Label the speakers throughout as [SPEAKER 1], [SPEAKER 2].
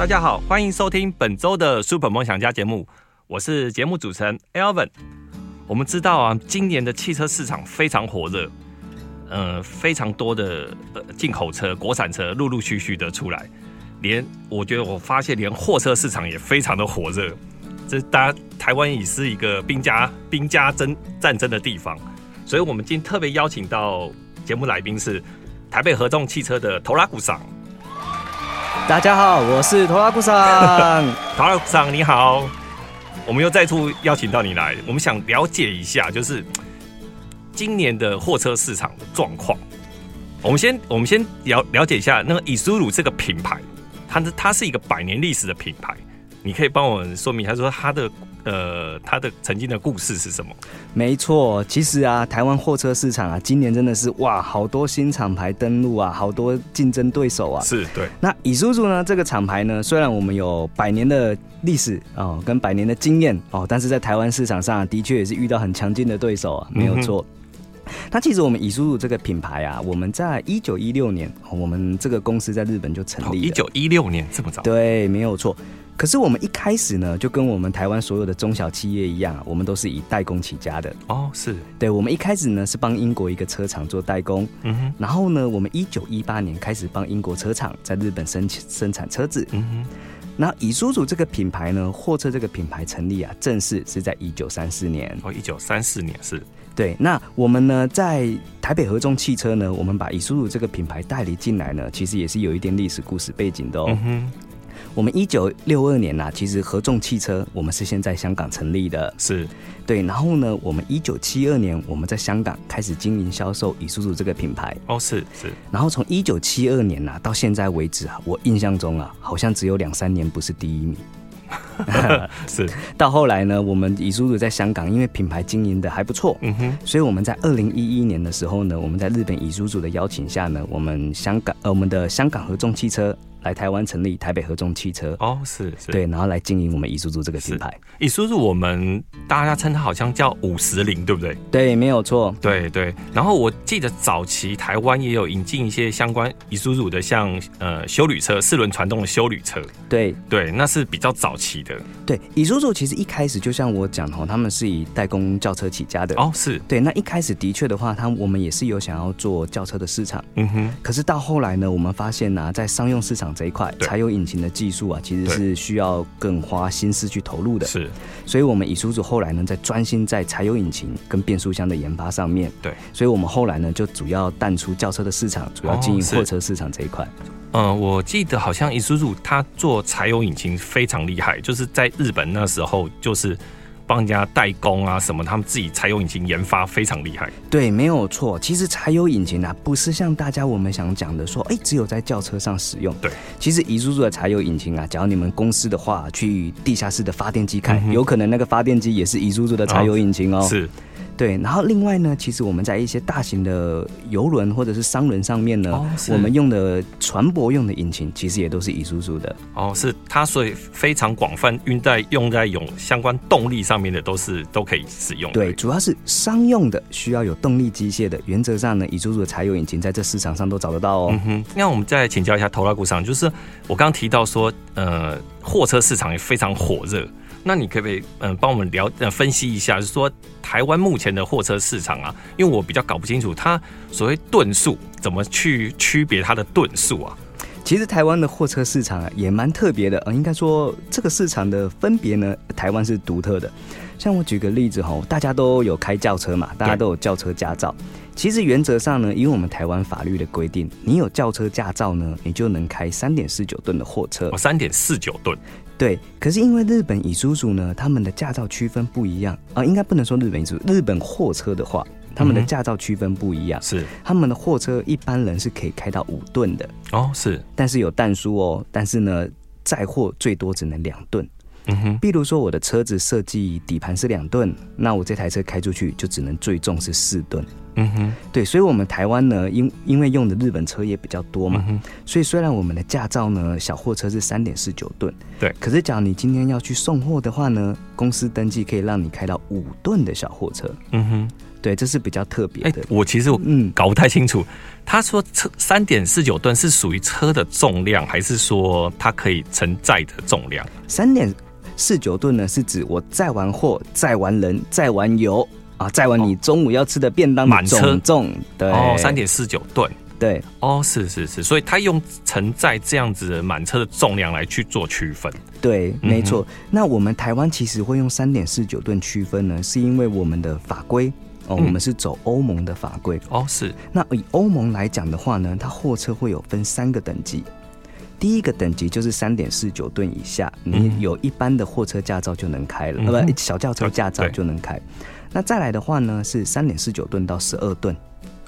[SPEAKER 1] 大家好，歡迎收聽本周的《Super 夢想家》節目，我是節目主持人 Alven。我們知道啊，今年的汽車市場非常火熱，呃，非常多的呃進口車、國產車陸陸續續的出來，連我覺得我發現連貨車市場也非常的火熱。這大家台灣已是一個兵家兵家爭戰爭的地方，所以我們今天特別邀請到節目來賓是台北合眾汽車的拖拉庫桑。
[SPEAKER 2] 大家好，我是拖拉庫桑，
[SPEAKER 1] 拖拉庫桑你好，我們又再次邀請到你來，我們想了解一下，就是今年的貨車市場的狀況。我們先，我們先了了解一下，那個 ISUZU 這個品牌，它它是一個百年歷史的品牌。你可以幫我說明一下，他說他的呃，他的曾經的故事是什麼？
[SPEAKER 2] 沒錯，其實啊，台灣貨車市場啊，今年真的是哇，好多新廠牌登陸啊，好多競爭對手啊。是，對。那 ISUZU 呢？這個廠牌呢？雖然我們有百年的歷史哦，跟百年的經驗哦，但是在台灣市場上，啊，的確也是遇到很強勁的對手啊，沒有錯，嗯。那其實我們 ISUZU 這個品牌啊，我們在一九一六年，我們這個公司在日本就成立了。哦，一九一六年這麼早？對，沒有錯。可是我們一開始呢，就跟我們台灣所有的中小企業一樣，我們都是以代工起家的哦。是對，我們一開始呢是幫英國一個車廠做代工，嗯哼。然後呢，我們一九一八年開始幫英國車廠在日本生生產車子，嗯哼。那 ISUZU 這個品牌呢，貨車這個品牌成立啊，正式是在一九三四年
[SPEAKER 1] 哦，一九三四年是
[SPEAKER 2] 對。那我們呢，在台北合眾汽車呢，我們把 ISUZU 這個品牌代理進來呢，其實也是有一點歷史故事背景的哦、喔，嗯哼。我們一九六二年呢、啊，其實合眾汽車我們是先在香港成立的，是對。然後呢，我們一九七二年我們在香港開始經營銷售 ISUZU 這個品牌
[SPEAKER 1] 哦，oh, 是是。
[SPEAKER 2] 然後從一九七二年呢、啊，到現在為止啊，我印象中啊好像只有兩三年不是第一名，
[SPEAKER 1] 是。
[SPEAKER 2] 到後來呢，我們 ISUZU 在香港因為品牌經營的還不錯，嗯哼，所以我們在二零一一年的時候呢，我們在日本 ISUZU 的邀請下呢，我們香港呃我們的香港合眾汽車。來台灣成立台北合眾汽車。哦是，
[SPEAKER 1] 是，對，
[SPEAKER 2] 然後來經營我們 ISUZU 這個品牌。
[SPEAKER 1] ISUZU 我們大家稱它好像叫五十鈴，對不對？對，沒有錯。對對。然後我記得早期台灣也有引進一些相關 ISUZU 的，像像呃休旅車、四輪傳動的休旅車。對對，那是比較早期的。
[SPEAKER 2] 對，ISUZU 其實一開始就像我講的，他們是以代工轎車起家的。哦，是對。那一開始的確的話，他我們也是有想要做轎車的市場。嗯哼。可是到後來呢，我們發現呢、啊，在商用市場。這一塊柴油引擎的技術啊，其實是需要更花心思去投入的。是，所以我們 ISUZU 後來呢，在專心在柴油引擎跟變速箱的研發上面。對，所以我們後來呢，就主要淡出轎車的市場，主要經營貨車市場這一塊。
[SPEAKER 1] 哦。嗯，我記得好像 ISUZU 他做柴油引擎非常厲害，就是在日本那時候就是。幫人家代工啊，什麼？他們自己柴油引擎研發非常厲害。
[SPEAKER 2] 對，沒有錯。其實柴油引擎啊，不是像大家我們想講的說，哎、欸，只有在轎車上使用。對，其實 ISUZU 的柴油引擎啊，假如你們公司的話，去地下室的發電機看、嗯，有可能那個發電機也是 ISUZU 的柴油引擎哦。啊、是。對，然後另外呢，其實我們在一些大型的遊輪或者是商輪上面呢、哦，我們用的船舶用的引擎，其實也都是 ISUZU 的。
[SPEAKER 1] 哦，是它，所以非常廣泛運在用在有相關動力上面的，都是都可以使用對。
[SPEAKER 2] 對，主要是商用的需要有動力機械的，原則上呢，ISUZU 的柴油引擎在這市場上都找得到
[SPEAKER 1] 哦。嗯，那我們再請教一下拖拉庫桑，就是我剛剛提到說，呃，貨車市場也非常火熱。那你可不可以嗯幫我們聊呃分析一下，就是說台灣目前的貨車市場啊？因為我比較搞不清楚它所謂噸數怎麼去區別它的噸數啊。其實
[SPEAKER 2] 台灣的貨車市場啊也蠻特別的，呃，應該說這個市場的分別呢，台灣是獨特的。像我舉個例子哈，大家都有開轎車嘛，大家都有轎車駕照。Okay. 其實原則上呢，因為我們台灣法律的規定，你有轎車駕照呢，你就能開三點四九噸的貨車哦。
[SPEAKER 1] 三點四九噸。
[SPEAKER 2] 對，可是因為日本 ISUZU 呢，他們的駕照區分不一樣啊、呃，應該不能說日本 ISUZU，日本貨車的話，他們的駕照區分不一樣。是、嗯，他們的貨車一般人是可以開到五噸的。哦，是，但是有但書哦，但是呢，載貨最多只能兩噸。嗯哼，比如說我的車子設計底盤是兩噸，那我這台車開出去就只能最重是四噸。嗯哼，對，所以我們台灣呢，因因為用的日本車也比較多嘛、嗯哼，所以雖然我們的駕照呢，小貨車是三點四九噸，對，可是假如你今天要去送貨的話呢，公司登記可以讓你開到五噸的小貨車。嗯哼，對，這是比較特別的。欸、我
[SPEAKER 1] 其實我嗯搞不太清楚，嗯、他說車三點四九噸是屬於車的重量，還是說它可以承載的重量？
[SPEAKER 2] 三點四九噸呢，是指我載完貨、載完人、載完油。啊，載完你中午要吃的便當滿車重、重，對哦，三點
[SPEAKER 1] 四九噸，對，哦，是是是，所以他用承載這樣子滿車的重量來去做區分，
[SPEAKER 2] 對，嗯、沒錯。那我們台灣其實會用三點四九噸區分呢，是因為我們的法規哦、嗯，我們是走歐盟的法規哦，是。那以歐盟來講的話呢，它貨車會有分三個等級，第一個等級就是三點四九噸以下，你有一般的貨車駕照就能開了，嗯啊、不，小轎車駕照就能開。嗯那再來的話呢，是三點四九噸到十二噸，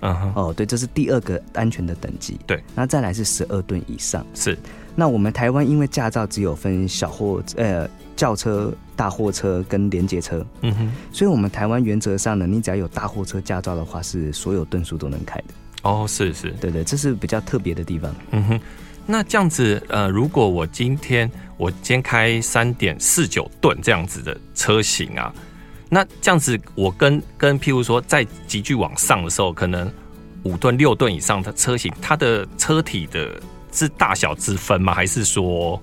[SPEAKER 2] 嗯哼，哦，對，這是第二個安全的等級，對。那再來是十二噸以上，是。那我們台灣因為駕照只有分小貨呃轎車、大貨車跟連結車，嗯哼，所以我們台灣原則上呢，你只要有大貨車駕照的話，是所
[SPEAKER 1] 有噸數都能開的。哦，是是，對對，這是比較特別的地方，嗯哼。那這樣子呃，如果我今天我先開三點四九噸這樣子的車型啊。那這樣子，我跟跟，譬如說，在急劇往上的時候，可能五噸、六噸以上的車型，它的車體的是大小之分嗎？還是說？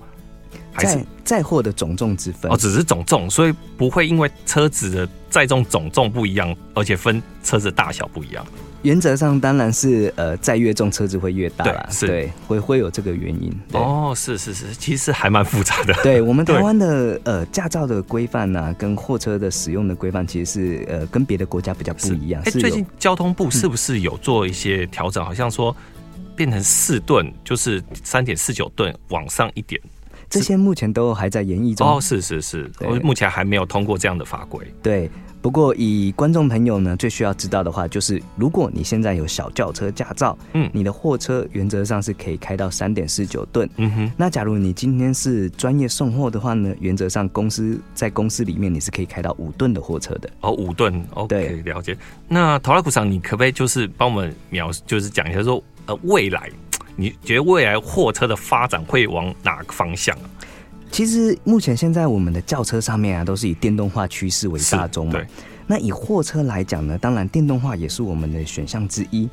[SPEAKER 1] 載載貨的總重之分哦，只是總重，所以不會因為車子的載重總重不一樣，而且分車子大小不一樣。
[SPEAKER 2] 原則上當然是呃，載越重車子會越大，對，會會有這個原因。
[SPEAKER 1] 哦，是是是，其實還蠻複雜的。對，我們台灣
[SPEAKER 2] 的呃駕照的規範呢，跟貨車的使用的規範其實是呃跟別的國家比較不一樣是，欸是。最近
[SPEAKER 1] 交通部是不是有做一些調整？好像說變成四噸，就是三點四九噸往上一點。
[SPEAKER 2] 這些目前都還在研議中哦，是
[SPEAKER 1] 是是，目前還沒有通過這樣的法規。
[SPEAKER 2] 對，不過以觀眾朋友呢最需要知道的話，就是如果你現在有小轎車駕照，嗯，你的貨車原則上是可以開到三點四九噸，嗯哼。那假如你今天是專業送貨的話呢，原則上公司在公司裡面你是可以開到五噸的貨車的。
[SPEAKER 1] 哦，五噸，哦、OK, 對，了解。那脫拉庫桑，你可不可以就是幫我們描就是講一下說，呃，未來。你覺得未來貨車的發展會往哪個方向啊？
[SPEAKER 2] 其實目前現在我們的轎車上面啊，都是以電動化趨勢為大宗嘛。對。那以貨車來講呢，當然電動化也是我們的選項之一。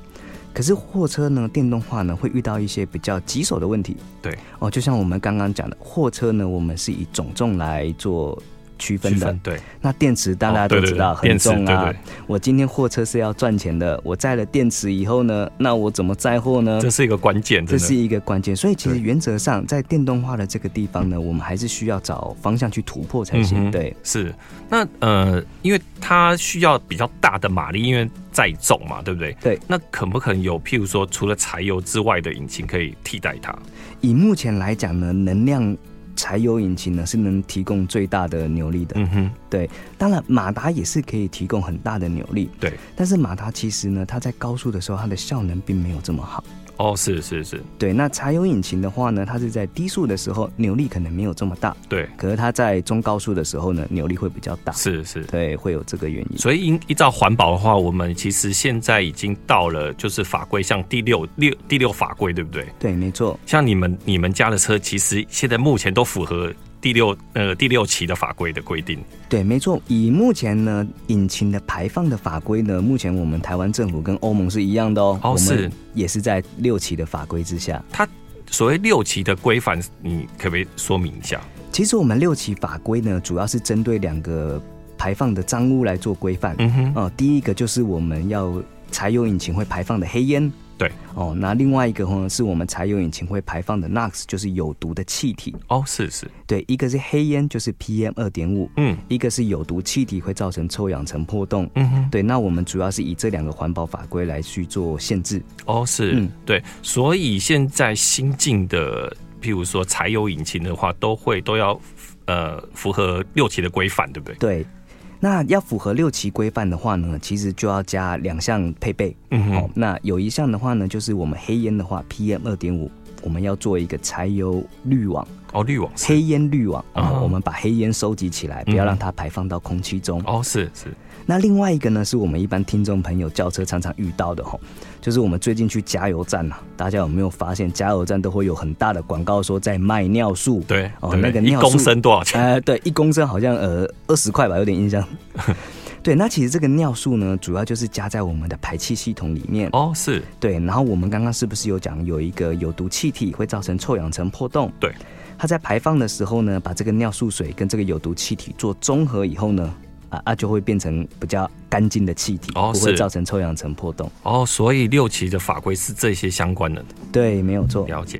[SPEAKER 2] 可是貨車呢，電動化呢，會遇到一些比較棘手的問題。對哦，就像我們剛剛講的，貨車呢，我們是以總重來做區分的分。對，那電池大家都知道、哦、對對對，電池很重啊。對對對，我今天貨車是要賺錢的，我載了電池以後呢，那我怎麼載貨呢？這
[SPEAKER 1] 是一個關鍵，這是
[SPEAKER 2] 一個關鍵。所以其實原則上，在電動化的這個地方呢、嗯，我們還是需要找方向去突破才行。嗯、對，
[SPEAKER 1] 是。那呃，因為它需要比較大的馬力，因為載重嘛，對不對？對。那可不可能有，譬如說，除了柴油之外的引擎可以替代它？以目
[SPEAKER 2] 前來講呢，能量。柴油引擎呢是能提供最大的扭力的，嗯哼，對，當然馬達也是可以提供很大的扭力，對，但是馬達其實呢，它在高速的時候，它的效能並沒有這麼好。
[SPEAKER 1] 哦、oh，是是是，
[SPEAKER 2] 對。那柴油引擎的話呢，它是在低速的時候扭力可能沒有這麼大，對。可是它在中高速的時候呢，扭力會比
[SPEAKER 1] 較大，是是，對，會有這個原因。所以依依照環保的話，我們其實現在已經到了，就是法規，像第六六第六法規，對不對？對，沒錯。像你們你們家的車，其實現在目前都符合，第六呃第六期的法規的規定，
[SPEAKER 2] 對，沒錯。以目前呢，引擎的排放的法規呢，目前我們台灣政府跟歐盟是一樣的，喔、哦，是，我們也是在六期的法規之下。它
[SPEAKER 1] 所謂六期的規範，你可不可以說明一下？
[SPEAKER 2] 其實我們六期法規呢，主要是針對兩個排放的髒污來做規範。嗯哼，哦、呃，第一個就是我們要柴油引擎會排放的黑煙。對哦，那另外一個呢是我們柴油引擎會排放的 NOX，就是有毒的氣體哦，是是，對，一個是黑煙就是 PM2.5，嗯，一個是有毒氣體會造成臭氧層破洞，嗯哼，對，那我們主要是以這兩個環保法規來
[SPEAKER 1] 去做限制哦，是，嗯，對，所以現在新進的，譬如說柴油引擎的話，都會都要呃符合六期的規範，對不對？
[SPEAKER 2] 對。那要符合六期規範的話呢，其實就要加兩項配備。嗯哼，哦，那有一項的話呢，就是我們黑煙的話，PM 二點五，我們要做一個柴油濾網。哦，濾網。黑煙濾網啊，哦、我們把黑煙收集起來，嗯，不要讓它排放到空氣中。哦，是是。那另外一個呢，是我們一般聽眾朋友轎車常常遇到的吼，就是我們最近去加油站呢，啊，大家有沒有發現加油站都會有很大的廣告說在賣尿素？對，哦，那個尿素一公升多少錢？呃，對，一公升好像呃二十塊吧，有點印象。 對，那其實這個尿素呢，主要就是加在我們的排氣系統裡面哦，是對。然後我們剛剛是不是有講有一個有毒氣體會造成臭氧層破洞？對，它在排放的時候呢，把這個尿素水跟這個有毒氣體做綜合以後呢？啊啊，就會變成比較乾淨的氣體，不會造成臭氧層破洞。
[SPEAKER 1] 哦、oh，oh, 所以六期的法規是這些相關的。對，沒有錯，了解。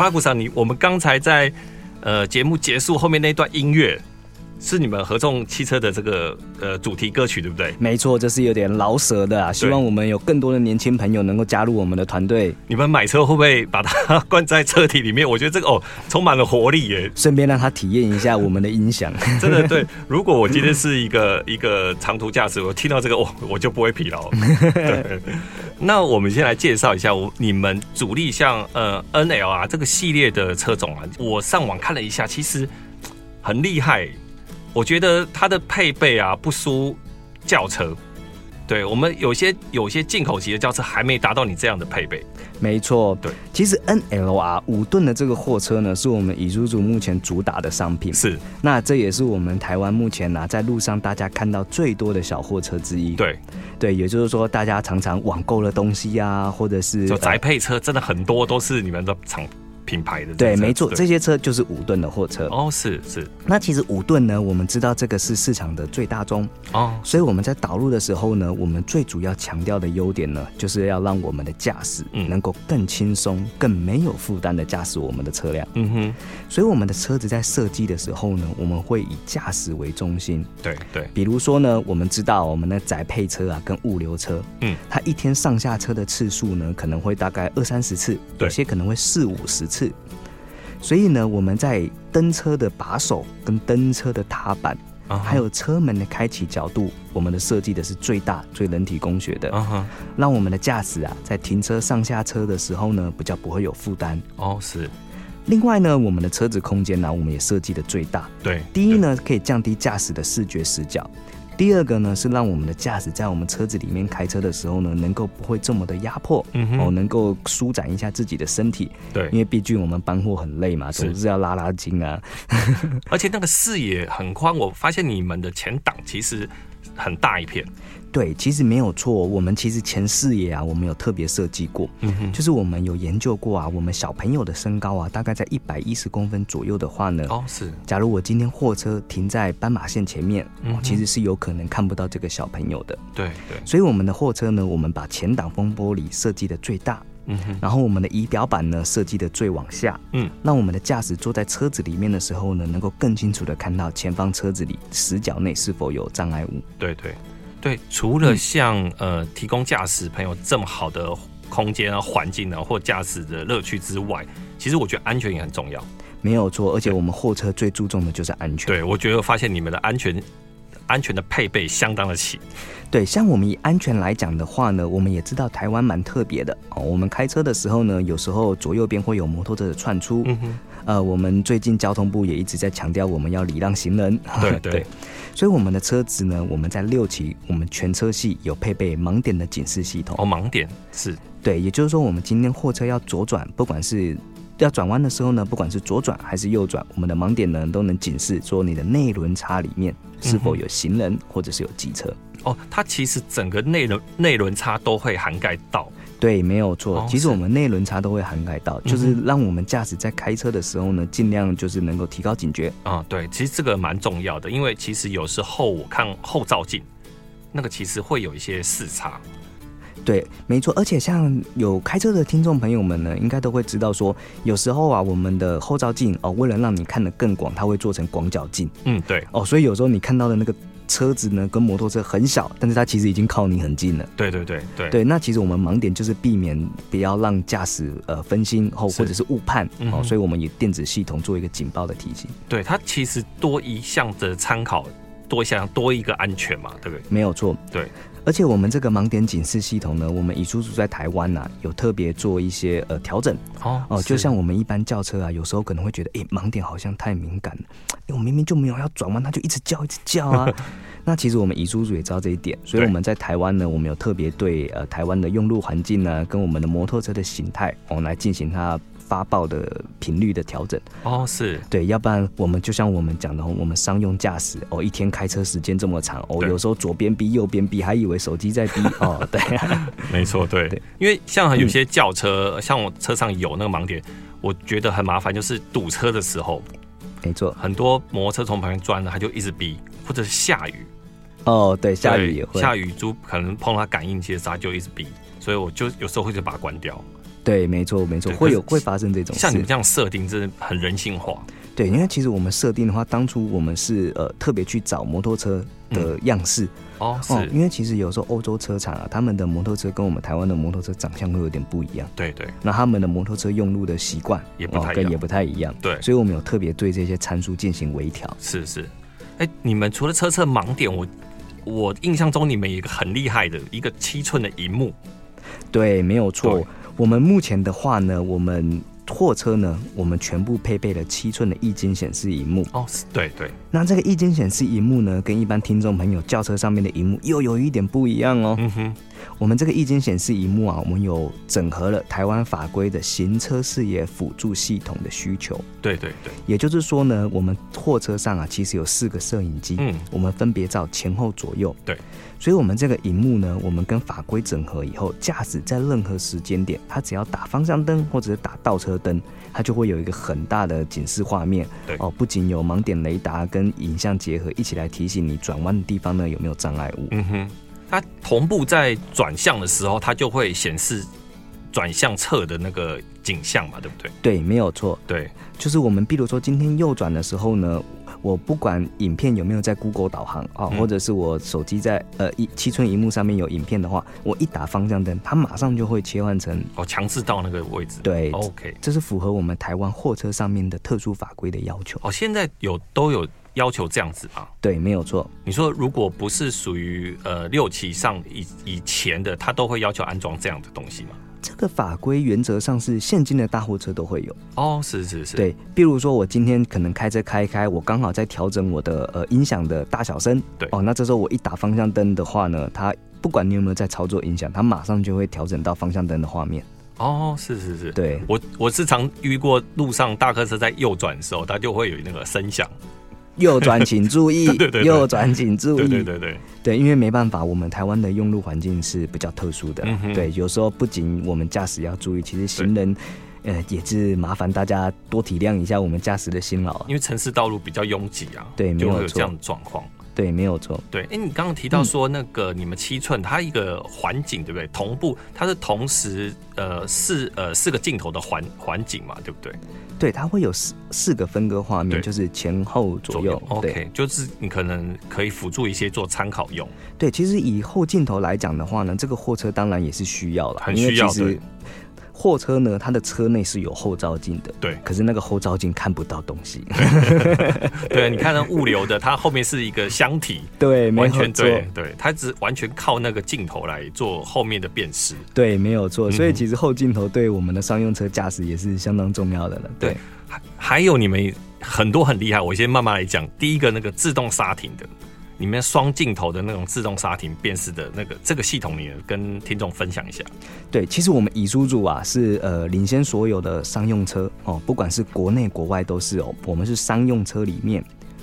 [SPEAKER 1] 拖拉庫桑，你我們剛才在，呃，節目結束後面那段音樂，是你們合眾汽車的這個呃，主題歌曲，對不對？沒錯，這是有點饒舌
[SPEAKER 2] 的啊。希望我們有更多的年輕朋友能夠加入我們的團隊。
[SPEAKER 1] 你們買車會不會把它關在車體裡面？我覺得這個哦，充滿了活力耶。
[SPEAKER 2] 順便讓他體驗一下我們的音響， 真的對。
[SPEAKER 1] 如果我今天是一個 一個長途駕駛，我聽到這個我、哦、我就不會疲勞 對。那我們先來介紹一下，我你們主力像呃，NLR 這個系列的車種啊，我上網看了一下，其實很厲害。我覺得它的配備啊，不輸轎車。對，我們有些有些進口級的轎車，還沒達到你這樣的配備。
[SPEAKER 2] 沒錯，對，其實 NLR 五噸的這個貨車呢，是我們 ISUZU 目前主打的商品。是，那這也是我們台灣目前呢、啊，在路上大家看到最多的小貨車之一。對，對，也就是說，大家常常網購的東西啊，或者是就宅
[SPEAKER 1] 配車，真的很多都是你們的廠。品牌的對，沒錯，這些
[SPEAKER 2] 車就是五噸的貨車
[SPEAKER 1] 哦。是是，
[SPEAKER 2] 那其實五噸呢，我們知道這個是市場的最大宗哦。所以我們在導入的時候呢，我們最主要強調的優點呢，就是要讓我們的駕駛能夠更輕鬆、嗯、更沒有負擔的駕駛我們的車輛。嗯哼。所以我們的車子在設計的時候呢，我們會以駕駛為中心。對對。比如說呢，我們知道我們的宅配車啊，跟物流車，嗯，它一天上下車的次數呢，可能會大概二三十次，對，有些可能會四五十次。是，所以呢，我們在登車的把手跟登車的踏板，uh -huh. 還有車門的開啟角度，我們的設計的是最大最人體工學的，uh -huh. 讓我們的駕駛啊，在停車上下車的時候呢，比較不會有負擔。哦、oh,，是。另外呢，我們的車子空間呢、啊，我們也設計的最大對。對，第一呢，可以降低駕駛的視覺死角。第二個呢，是讓我們的駕駛在我們車子裡面開車的時候呢，能夠不會這麼的壓迫。嗯，哦，能夠舒展一下自己的身體。對，因為畢竟我們搬貨很累嘛，總是要拉拉
[SPEAKER 1] 筋啊。 而且那個視野很寬，我發現你們的前擋其實很大一片。
[SPEAKER 2] 對，其實沒有錯。我們其實前視野啊，我們有特別設計過，嗯哼，就是我們有研究過啊，我們小朋友的身高啊，大概在一百一十公分左右的話呢，哦是。假如我今天貨車停在斑馬線前面，嗯，其實是有可能看不到這個小朋友的。對
[SPEAKER 1] 對。所
[SPEAKER 2] 以我們的貨車呢，我們把前擋風玻璃設計得最大，嗯
[SPEAKER 1] 哼。然
[SPEAKER 2] 後我們的儀表板呢設計得最往下，嗯。那我們的駕駛坐在車子裡面的時候呢，能夠更清楚地看到前方車子裡死角內是否有障礙物。
[SPEAKER 1] 對對。對，除了像呃提供駕駛朋友這麼好的空間啊、環境呢、啊，或駕駛的樂趣之外，其實我覺得安全也很重要。
[SPEAKER 2] 沒有錯，而且我們貨車最注重的就是安全。對，我
[SPEAKER 1] 覺得我發現你們的安全安全的配備相當的齊。
[SPEAKER 2] 對，像我們以安全來講的話呢，我們也知道台灣蠻特別的哦。我們開車的時候呢，有時候左右邊會有摩托車的竄出。嗯哼呃，我們最近交通部也一直在強調，我們要禮讓行人。對，對，對。 對，所以我們的車子呢，我們在六期，我們全車系有配備盲點的警示系統。哦，盲點是對，也就是說，我們今天貨車要左轉，不管是要轉彎的時候呢，不管是左轉還是右轉，我們的盲點呢都能警示說你的內輪差裡面是否有行人、嗯、或者是
[SPEAKER 1] 有機車。哦，它其實整個內輪內輪差都會涵蓋到。
[SPEAKER 2] 對，沒有錯、哦。其實，我們內輪差都會涵蓋到，就是讓我們駕駛在開車的時候呢，嗯、尽量就是能夠提高警覺
[SPEAKER 1] 啊、嗯。對，其實這個蠻重要的，因為其實有時候我看後照鏡，那個其實會有一些視差。
[SPEAKER 2] 對，沒錯。而且像有開車的聽眾朋友們呢，應該都會知道說，有時候啊，我們的後照鏡哦，為了讓你看得更廣，它會做成廣角鏡。嗯，對。哦，所以有時候你看到的那個。車子呢，跟摩托車很小，但是它其實已經靠你很近了。
[SPEAKER 1] 對對對對對，
[SPEAKER 2] 那其實我們盲點就是避免不要讓駕駛呃分心或或者是誤判，嗯、哦，所以我們以電子系統做一個警報的提醒。
[SPEAKER 1] 對，它其實多一項的參考，多一項多一個安全嘛，對不對？沒有錯，對。
[SPEAKER 2] 而且我們這個盲點警示系統呢，我們 ISUZU 在台灣呢、啊、有特別做一些呃調整
[SPEAKER 1] 哦哦，就像
[SPEAKER 2] 我們一般轎車啊，有時候可能會覺得，哎、欸，盲點好像太敏感了，因為我明明就沒有要轉彎，它就一直叫一直叫啊。 那其實我們 ISUZU 也知道這一點，所以我們在台灣呢，我們有特別對呃台灣的用路環境呢，跟我們的摩托車的型態，我、哦、們來進行它。發報的頻率的調整哦，是對，要不然我們就像我們講的，我們商用駕駛哦，一天開車時間這麼長哦，有時候左邊逼右邊逼，還以為手機在逼 哦，對，
[SPEAKER 1] 沒錯，對，對，因為像有些轎車，嗯，像我車上有那個盲點，我覺得很麻煩，就是堵車的時候，沒錯，很多摩托車從旁邊鑽了，它就一直逼，或者是下雨，哦，
[SPEAKER 2] 對，對下雨也會下
[SPEAKER 1] 雨珠可能碰到感應器的時候，它就一直逼，所以我就有時候會就把它關掉。
[SPEAKER 2] 對，沒錯，沒錯，會有會發生這種事，像你這
[SPEAKER 1] 樣設定，真的很人性化。
[SPEAKER 2] 對，因為其實我們設定的話，當初我們是呃特別去找摩托車的樣式、嗯、哦，哦，是因為其實有時候歐洲車廠啊，他們的摩托車跟我們台灣的摩托車長相會有點不一樣。對對，那他們的摩托車用路的習慣也不太、哦、也不太一樣。對，所以我們有特別對這些參數進行微調。
[SPEAKER 1] 是是，哎、欸，你們除了車車盲點，我我印象中你們有一個很厲害的，一個七寸的螢幕。
[SPEAKER 2] 對，沒有錯。我們目前的話呢，我們貨車呢，我們全部配備了七寸的液晶顯示熒幕。哦，對對。那這個液晶顯示熒幕呢，跟一般聽眾朋友轎車上面的熒幕又有一點不一樣哦。嗯哼。我們這個液晶顯示螢幕啊，我們有整合了台灣法規的行車視野輔助系統的需求，
[SPEAKER 1] 對對對。
[SPEAKER 2] 也就是說呢，我們貨車上啊，其實有四個攝影機，嗯，我們分別照前後左右。對。所以我們這個螢幕呢，我們跟法規整合以後，駕駛在任何時間點，他只要打方向燈或者是打倒車燈，他就會有一個很大的警示畫面。對。哦，不僅有盲點雷達跟影像結合，一起來提醒你轉彎的地方呢，有沒有障礙物。嗯哼。
[SPEAKER 1] 它同步在轉向的時候，它就會顯示轉向側的那個景象嘛，對不對？
[SPEAKER 2] 對，沒有錯。對，就是我們比如說今天右轉的時候呢，我不管影片有沒有在 Google 導航啊，哦，或者是我手機在呃一七寸熒幕上面有影片的話，我一打方向燈，它馬上就會切換成
[SPEAKER 1] 哦，強制到那個位置。對，OK，
[SPEAKER 2] 這是符合我們台灣貨車上面的特殊法規的
[SPEAKER 1] 要求。哦，現在有都有。要求這樣子啊？對，沒有錯。你說，如果不是屬於呃六期上以以前的，他都會要求安裝這樣的東西嗎？這
[SPEAKER 2] 個法規原則上是現今的大貨車都會有
[SPEAKER 1] 哦。是是是，對。
[SPEAKER 2] 比如說，我今天可能開車開一開，我剛好在調整我的呃音響的大小聲。對哦，那這時候我一打方向燈的話呢，它不管你有沒有在操作音響，它馬上就會調整到方向燈的畫面。
[SPEAKER 1] 哦，是是是，對我我時常遇過路上大客車在右轉的時候，它就會有那個聲響。
[SPEAKER 2] 右轉請注意，右轉
[SPEAKER 1] 請注意， 對對對對，對，
[SPEAKER 2] 對，因為沒辦法，我們台灣的用路環境是比較特殊的，嗯、對，有時候不僅我們駕駛要注意，其實行人，呃，也是麻煩大家多體諒一下我們駕駛的辛
[SPEAKER 1] 勞，啊，因為城市道路比較擁擠啊，對，沒有錯，有這樣的狀況。
[SPEAKER 2] 對，沒有錯。
[SPEAKER 1] 對，哎、欸，你剛剛提到說那個你們七寸、嗯，它一個環景，對不對？同步，它是同時呃四呃四個鏡頭的環環景嘛，對不對？
[SPEAKER 2] 對，它會有四四個分割畫面，就是前後左右，左右對。OK，
[SPEAKER 1] 就是你可能可以輔助一些做參考用。
[SPEAKER 2] 對，其實以後鏡頭來講的話呢，這個貨車當然也是需要了，很需要，因為其實。貨車呢，它的車內是有後照鏡的，對。可是那個後照鏡看不到東西。
[SPEAKER 1] 對，你看那物流的，它後面是一個箱體，對，完全對，對，它只完全靠那個鏡頭來做後面的辨識，
[SPEAKER 2] 對，沒有錯。所以其實後鏡頭對我們的商用車駕駛也是相當重要的了。對，
[SPEAKER 1] 對還有你們很多很厲害，我先慢慢來講。第一個那個自動剎停的。裡面雙鏡頭的那種自動剎停辨識的那個這個系統你，跟聽眾分享一下。
[SPEAKER 2] 對，其實我們 ISUZU 啊，是呃領先所有的商用車哦、喔，不管是國內國外都是哦、喔，我們是商用車裡面。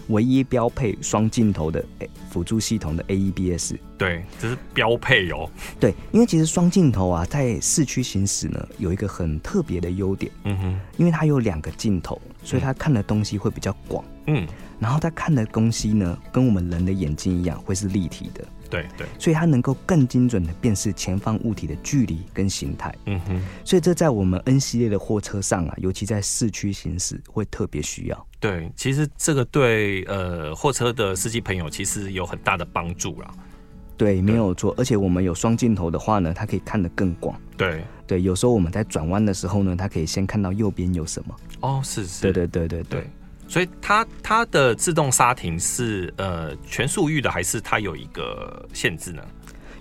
[SPEAKER 2] 唯一標配雙鏡頭的，欸，輔助系統的 AEBS，
[SPEAKER 1] 對，這是標配哦。
[SPEAKER 2] 對，因為其實雙鏡頭啊，在市區行駛呢，有一個很特別的優點。嗯
[SPEAKER 1] 哼，
[SPEAKER 2] 因為它有兩個鏡頭，所以它看的東西會比較廣。
[SPEAKER 1] 嗯，
[SPEAKER 2] 然後它看的東西呢，跟我們人的眼睛一樣，會是立體的。對對，所以它能夠更精準的辨識前方物體的距離跟形態。嗯
[SPEAKER 1] 哼，
[SPEAKER 2] 所以這在我們 N 系列的貨車上啊，尤其在市區行駛會特別需要。
[SPEAKER 1] 對，其實這個對呃貨車的司機朋友其實有很大的幫助啦。
[SPEAKER 2] 對，沒有錯，而且我們有雙鏡頭的話呢，它可以看得更廣。對對，有時候我們在轉彎的時候呢，它可以先看到右邊有什麼。
[SPEAKER 1] 哦，是是。
[SPEAKER 2] 對對對對對。對
[SPEAKER 1] 所以它它的自動剎停是呃全速域的，還是它有一個限制呢？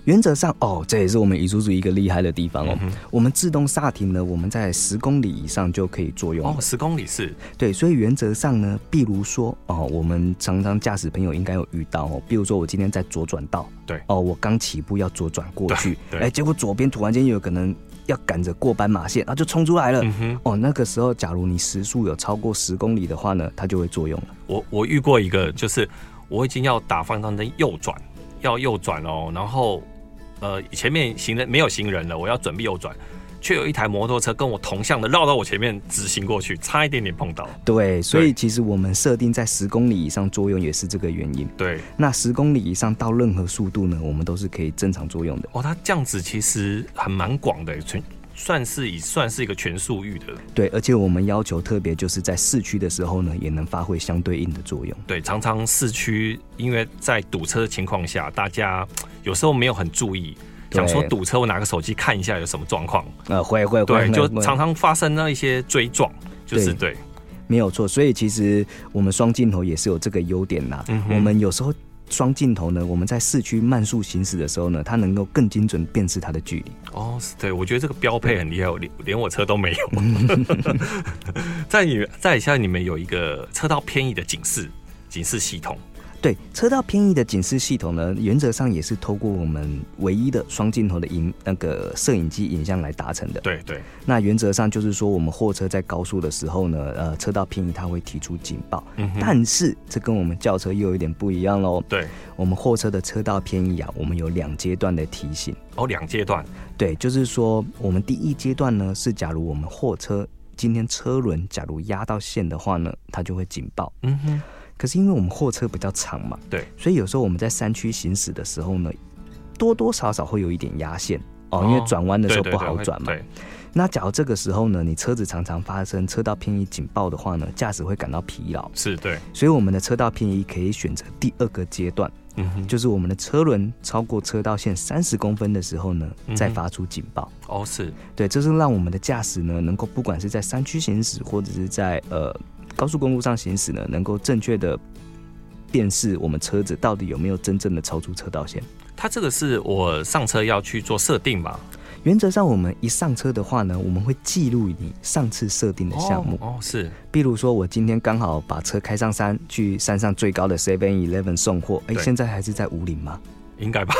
[SPEAKER 2] 原則上哦，這也是我們 ISUZU 一個厲害的地方哦。嗯、我們自動剎停呢，我們在十公里以上就可以作用哦。十公里是對，所以原則上呢，比如說哦，我們常常駕駛朋友應該有遇到哦，比如說我今天在左轉道，對哦，我剛起步要左轉過去，哎、欸，結果左邊突然間有可能。要趕着過斑馬線，然後，啊，就衝出來了。嗯。哦，那個時候假如你時速有超過十公里的話呢，它就會作用了。
[SPEAKER 1] 我我遇過一個，就是我已經要打方向燈右轉，要右轉哦，然後呃前面行人沒有行人了，我要準備右轉。卻有一台摩托車跟我同向的，繞到我前面直行過去，差一點點碰到。
[SPEAKER 2] 對，所以其實我們設定在十公里以上作用也是這個原因。對，那十公里以上到任何速度呢，我們都是可以正常作用的。
[SPEAKER 1] 哦，它這樣子其實還蠻廣的，全算是以算是一個全速域的。
[SPEAKER 2] 對，而且我們要求特別就是在市區的時候呢，也能發揮相對應的作用。
[SPEAKER 1] 對，常常市區因為在堵車的情況下，大家有時候沒有很注意。想說堵車，我拿個手機看一下有什麼狀況。
[SPEAKER 2] 呃，會會會，對，就常
[SPEAKER 1] 常發生那一些追撞，就是對，
[SPEAKER 2] 對，沒有錯。所以其實我們雙鏡頭也是有這個優點吶。我們有時候雙鏡頭呢，我們在市區慢速行駛的時候呢，它能夠更精準辨識它的距離。
[SPEAKER 1] 哦，對，我，我，我，我覺得這個標配很厲害，連連我車都沒有。 在你在里下，你們有一個車道偏移的警示警示系統。
[SPEAKER 2] 對，車道偏移的警示系統呢，原則上也是透過我們唯一的雙鏡頭的影那個攝影機影像來達成的。對對，那原則上就是說，我們貨車在高速的時候呢，呃，車道偏移它會提出警報。嗯，但是這跟我們轎車又有一點不一樣嘍。對，我們貨車的車道偏移啊，我們有兩階段的提醒。
[SPEAKER 1] 哦，兩階段。
[SPEAKER 2] 對，就是說我們第一階段呢，是假如我們貨車今天車輪假如壓到線的話呢，它就會警報。嗯哼。可是因為我們貨車比較長嘛，對，所以有時候我們在山區行駛的時候呢，多多少少會有一點壓線哦，因為轉彎的時候不好轉嘛，對對對。對。那假如這個時候呢，你車子常常發生車道偏移警報的話呢，駕駛會感到疲勞。
[SPEAKER 1] 是。對。
[SPEAKER 2] 所以我們的車道偏移可以選擇第二個階段，嗯哼，就是我們的車輪超過車道線三十公分的時候呢，嗯，再發出警報。哦，是。對，這，就是讓我們的駕駛呢，能夠不管是在山區行駛，或者是在呃。高速公路上行駛呢，能夠正確的辨識我們車子到底有沒有真正的超出車道線。
[SPEAKER 1] 它這個是我上車要去做設定嘛？
[SPEAKER 2] 原則上，我們一上車的話呢，我們會記錄你上次設定的項目哦，哦。是，比如說我今天剛好把車開上山，去山上最高的 Seven Eleven 送貨。哎、欸，現在還是在武嶺嗎？
[SPEAKER 1] 應該吧，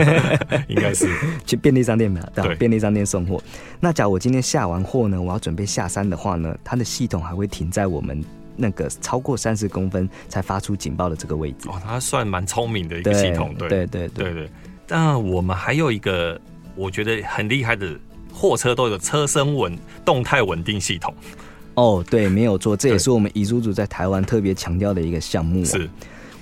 [SPEAKER 1] 應該該是
[SPEAKER 2] 去便利商店買，對，便利商店送貨。那假如我今天下完貨呢，我要準備下山的話呢，它的系統還會停在我們那個超過三十公分才發出警報的這個位置。哦，
[SPEAKER 1] 它算蠻聰明的一個系統，對對對，對對對對，那我們還有一個我覺得很厲害的，貨車都有車身穩動態穩定系統。
[SPEAKER 2] 哦，對，沒有錯，這也是我們 ISUZU 在台灣特別強調的一個項目，啊。是。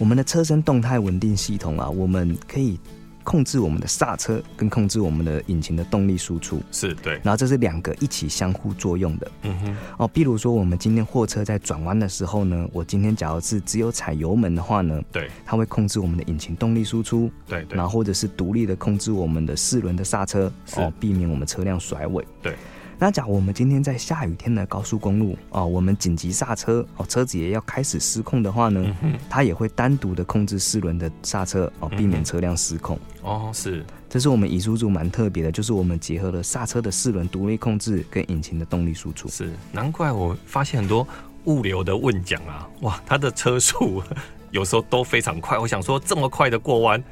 [SPEAKER 2] 我們的車身動態穩定系統啊，我們可以控制我們的剎車，跟控制我們的引擎的動力輸出，是對。然後這是兩個一起相互作用的，嗯哼。哦，比如說我們今天貨車在轉彎的時候呢，我今天假如是只有踩油門的話呢，對，它會控制我們的引擎動力輸出，對對。然後或者是獨立的控制我們的四輪的剎車，哦，避免我們車輛甩尾，對。那假如我們今天在下雨天的高速公路哦，我們緊急剎車哦，車子也要開始失控的話呢，嗯、它也會單獨的控制四輪的剎車哦，避免車輛失控，嗯，哦。是，這是我們 ISUZU 蠻特別的，就是我們結合了剎車的四輪獨立控制跟引擎的動力輸出。是，
[SPEAKER 1] 難怪我發現很多物流的運匠啊，哇，他的車速有時候都非常快，我想說這麼快的過彎。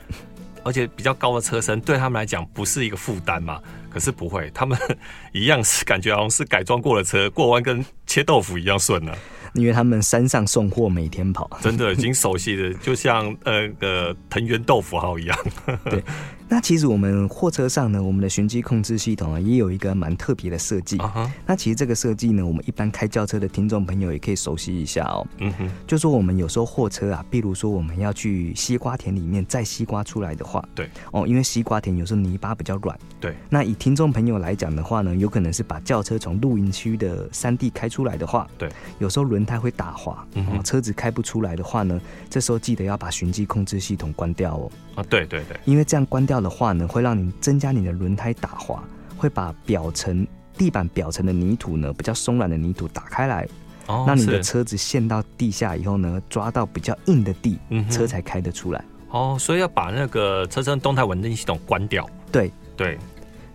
[SPEAKER 1] 而且比較高的車身對他們來講不是一個負擔嘛，可是不會，他們一樣是感覺好像是改裝過的車，過彎跟切豆腐一樣順呢啊。
[SPEAKER 2] 因為他們山上送貨，每天跑，
[SPEAKER 1] 真的已經熟悉的，就像呃呃藤原豆腐號一樣。
[SPEAKER 2] 對。那其實我們貨車上呢，我們的循跡控制系統啊，也有一個蠻特別的設計。Uh -huh. 那其實這個設計呢，我們一般開轎車的聽眾朋友也可以熟悉一下哦、喔。嗯哼。就說我們有時候貨車啊，比如說我們要去西瓜田裡面摘西瓜出來的話，對。哦、喔，因為西瓜田有時候泥巴比較軟。對。那以聽眾朋友來講的話呢，有可能是把轎車從露營區的山地開出來的話，對。有時候輪胎會打滑，嗯、uh -huh. 喔，車子開不出來的話呢，這時候記得要把循跡控制系統關掉哦、喔。啊，對對對，因為這樣關掉。的話呢，會讓你增加你的輪胎打滑，會把表層地板表層的泥土呢，比較鬆軟的泥土打開來。哦，
[SPEAKER 1] 那你的車
[SPEAKER 2] 子陷到地下以後呢，抓到比較硬的地，嗯，車才開得出來。
[SPEAKER 1] 哦，所以要把那個車身動態穩定系統關掉。對對，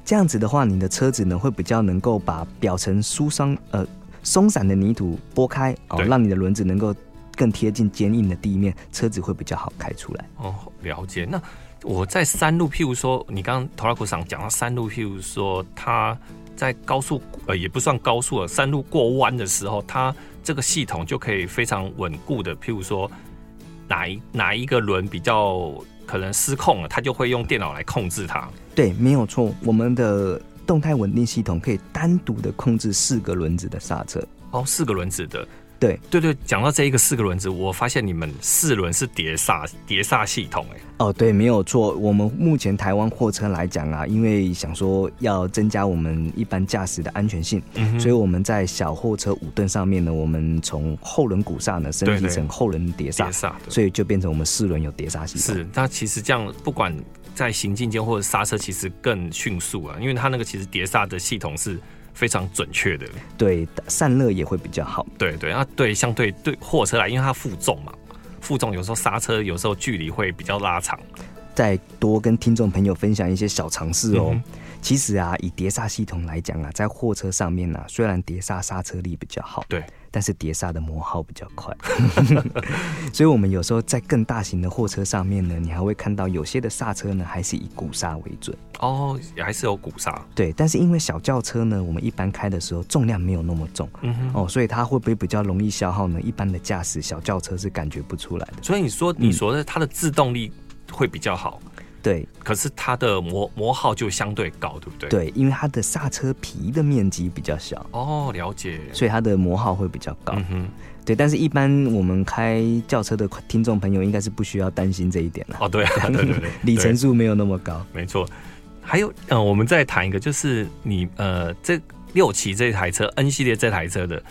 [SPEAKER 2] 這樣子的話，你的車子呢會比較能夠把表層疏鬆呃鬆散的泥土撥開，哦，讓你的輪子能夠更貼近堅硬的地面，車子會比較好開出來。
[SPEAKER 1] 哦，了解那。我在山路，譬如說，你剛剛拖拉庫桑講到山路，譬如說，它在高速呃，也不算高速了，山路過彎的時候，它這個系統就可以非常穩固的，譬如說，哪一哪一個輪比較可能失控了，它就會用電腦來控制它。
[SPEAKER 2] 對，沒有錯，我們的動態穩定系統可以單獨的控制四個輪子的剎車。
[SPEAKER 1] 哦，四個輪子的。對對對，講到這一個四個輪子，我發現你們四輪是碟剎碟剎系統
[SPEAKER 2] 哎。哦，對，沒有錯。我們目前台灣貨車來講啊，因為想說要增加我們一般駕駛的安全性，嗯，所以我們在小貨車五噸上面呢，我們從後輪鼓剎呢升級成後輪碟剎，所以就變成我們四輪有碟剎系統。是，
[SPEAKER 1] 那其實這樣不管在行進間或者剎車，其實更迅速啊，因為它那個其實碟剎的系統是。非常準確的，
[SPEAKER 2] 對散熱也會比較好。
[SPEAKER 1] 對對啊，對，相對對貨車來，因為它負重嘛，負重有時候剎車，有時候距離會比較拉長。
[SPEAKER 2] 再多跟聽眾朋友分享一些小常識哦。其實啊，以碟剎系統來講啊，在貨車上面呢、啊，雖然碟剎剎車力比較好，對，但是碟剎的磨耗比較快。 所以，我們有時候在更大型的貨車上面呢，你還會看到有些的剎車呢，還是以鼓剎為準。
[SPEAKER 1] 哦，還是有鼓剎。
[SPEAKER 2] 對，但是因為小轎車呢，我們一般開的時候重量沒有那麼重、嗯，哦，所以它會不會比較容易消耗呢？一般的駕駛小轎車是感覺不出來的。
[SPEAKER 1] 所以你說，你說的它的制動力、嗯？會比較好，對，可是它的磨磨耗就相對高，對不對？對，
[SPEAKER 2] 因為它的剎車皮的面積比較小，
[SPEAKER 1] 哦，了解，所以
[SPEAKER 2] 它的磨耗會比較高。嗯哼對，但是，一般我們開轎車的聽眾朋友應該是不需要擔心這一點的。哦，對啊，對對對， 里程數
[SPEAKER 1] 沒有那麼高，沒錯。還有，呃，我們再談一個，就是你呃，這六期這台車，N 系列這台車的。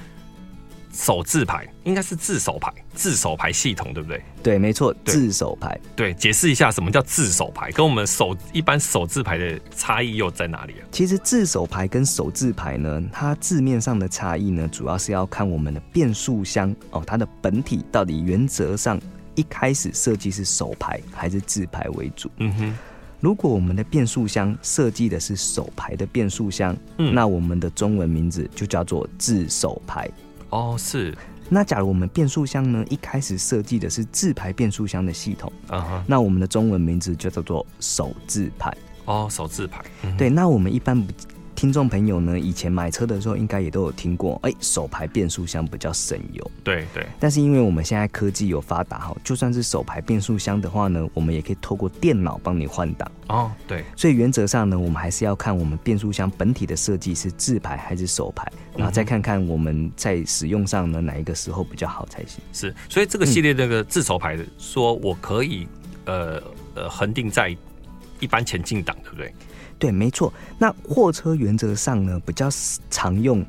[SPEAKER 1] 手自排，應該是自手排。自手排系統對不對？
[SPEAKER 2] 對，沒錯，自手排，
[SPEAKER 1] 對，解釋一下什麼叫自手排。跟我們手一般手自排的差異又在哪裡啊？
[SPEAKER 2] 其實自手排跟手自排呢，它字面上的差異呢，主要是要看我們的變速箱哦，它的本體到底原則上一開始設計是手排還是自排為主。嗯哼，如果我們的變速箱設計的是手排的變速箱，嗯，那我們的中文名字就叫做自手排。哦、oh，是。那假如我們變速箱呢，一開始設計的是自排變速箱的系統，uh-huh，那我們的中文名字就叫做手自排。
[SPEAKER 1] 哦、oh，手自排，嗯。
[SPEAKER 2] 對，那我們一般不。聽眾朋友呢，以前買車的時候應該也都有聽過，哎、欸，手排變速箱比較省油。
[SPEAKER 1] 對對。
[SPEAKER 2] 但是因為我們現在科技有發達哈，就算是手排變速箱的話呢，我們也可以透過電腦幫你換擋。
[SPEAKER 1] 哦，對。
[SPEAKER 2] 所以原則上呢，我們還是要看我們變速箱本體的設計是自排還是手排、嗯，然後再看看我們在使用上呢哪一個時候比較好才行。
[SPEAKER 1] 是，所以這個系列這個自手排的，嗯，說我可以呃呃恆定在一般前進檔，對不對？
[SPEAKER 2] 對，沒錯。那貨車原則上呢，比較常用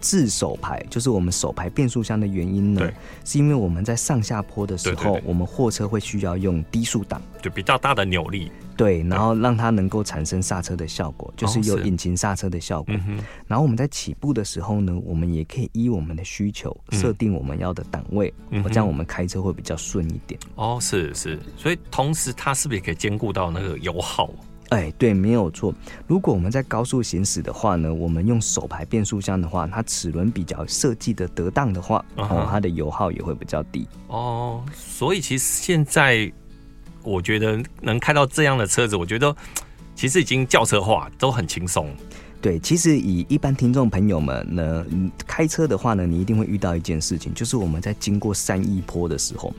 [SPEAKER 2] 自手排，就是我們手排變速箱的原因呢，是因為我們在上下坡的時候，對對對，我們貨車會需要用低速檔，
[SPEAKER 1] 就比較大的扭力，
[SPEAKER 2] 對，然後讓它能夠產生剎車的效果，就是有引擎剎車的效果，oh。然後我們在起步的時候呢，我們也可以依我們的需求設定我們要的檔位，嗯，這樣我們開車會比較順一點。
[SPEAKER 1] 哦，oh，是是，所以同時它是不是也可以兼顧到那個油耗？
[SPEAKER 2] 哎、欸，對，沒有錯。如果我們在高速行駛的話呢，我們用手排變速箱的話，它齒輪比較設計的得當的話，哦、uh -huh. 嗯，它的油耗也會比較
[SPEAKER 1] 低。哦、uh -huh.，oh, 所以其實現在，我覺得能開到這樣的車子，我覺得其實已經轎車化都很輕鬆。
[SPEAKER 2] 對，其實以一般聽眾朋友們呢，開車的話呢，你一定會遇到一件事情，就是我們在經過山一坡的時候。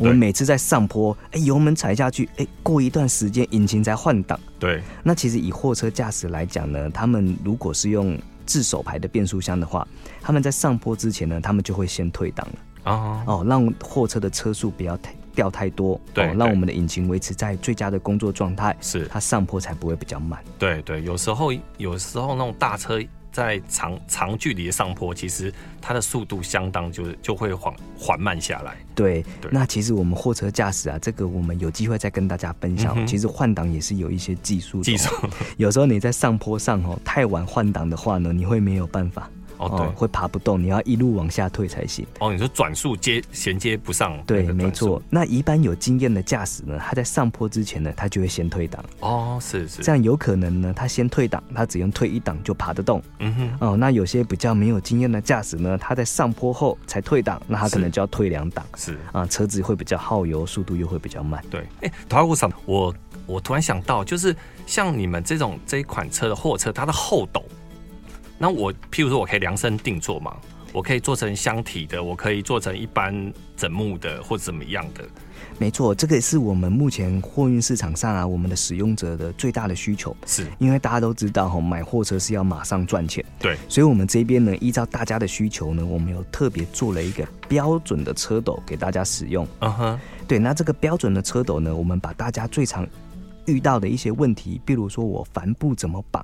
[SPEAKER 2] 我們每次在上坡，哎、欸，油門踩下去，哎、欸，過一段時間，引擎才換擋。對，那其實以貨車駕駛來講呢，他們如果是用自手排的變速箱的話，他們在上坡之前呢，他們就會先退檔了哦，uh -huh. 哦，讓貨車的車速不要太掉太多，對、哦，讓我們的引擎維持在最佳的工作狀態。是，它上坡才不會比較慢。
[SPEAKER 1] 對對，有時候有時候那種大車。在長長距離的上坡，其實它的速度相當就就會緩緩慢下來。
[SPEAKER 2] 對。對，那其實我們貨車駕駛啊，這個我們有機會再跟大家分享。嗯、其實換擋也是有一些技術，技術。有時候你在上坡上哦，太晚換擋的話呢，你會沒有辦法。
[SPEAKER 1] 哦對，
[SPEAKER 2] 會爬不動，你要一路往下退才行。
[SPEAKER 1] 哦，你說轉速接銜接不上，對，沒錯。
[SPEAKER 2] 那一般有經驗的駕駛呢，他在上坡之前呢，他就會先退檔。
[SPEAKER 1] 哦，是是。這樣有
[SPEAKER 2] 可能呢，他先退檔，他只用退一檔就爬得動。嗯哼。哦，那有些比較沒有經驗的駕駛呢，他在上坡後才退檔，那他可能就要退兩檔。是。啊、嗯，車子會比較耗油，速度又會比較慢。對。
[SPEAKER 1] 哎、欸，突然我想，我我突然想到，就是像你們這種這一款車的貨車，它的後斗。那我，譬如說，我可以量身定做嘛，我可以做成箱體的，我可以做成一般枕木的，或者怎麼樣的。
[SPEAKER 2] 沒錯，這個是我們目前貨運市場上啊，我們的使用者的最大的需求。是，因為大家都知道哈、喔，買貨車是要馬上賺錢。對，所以我們這邊呢，依照大家的需求呢，我們有特別做了一個標準的車斗給大家使用。嗯、uh、哼 -huh，對，那這個標準的車斗呢，我們把大家最常遇到的一些問題，比如說我帆布怎麼綁。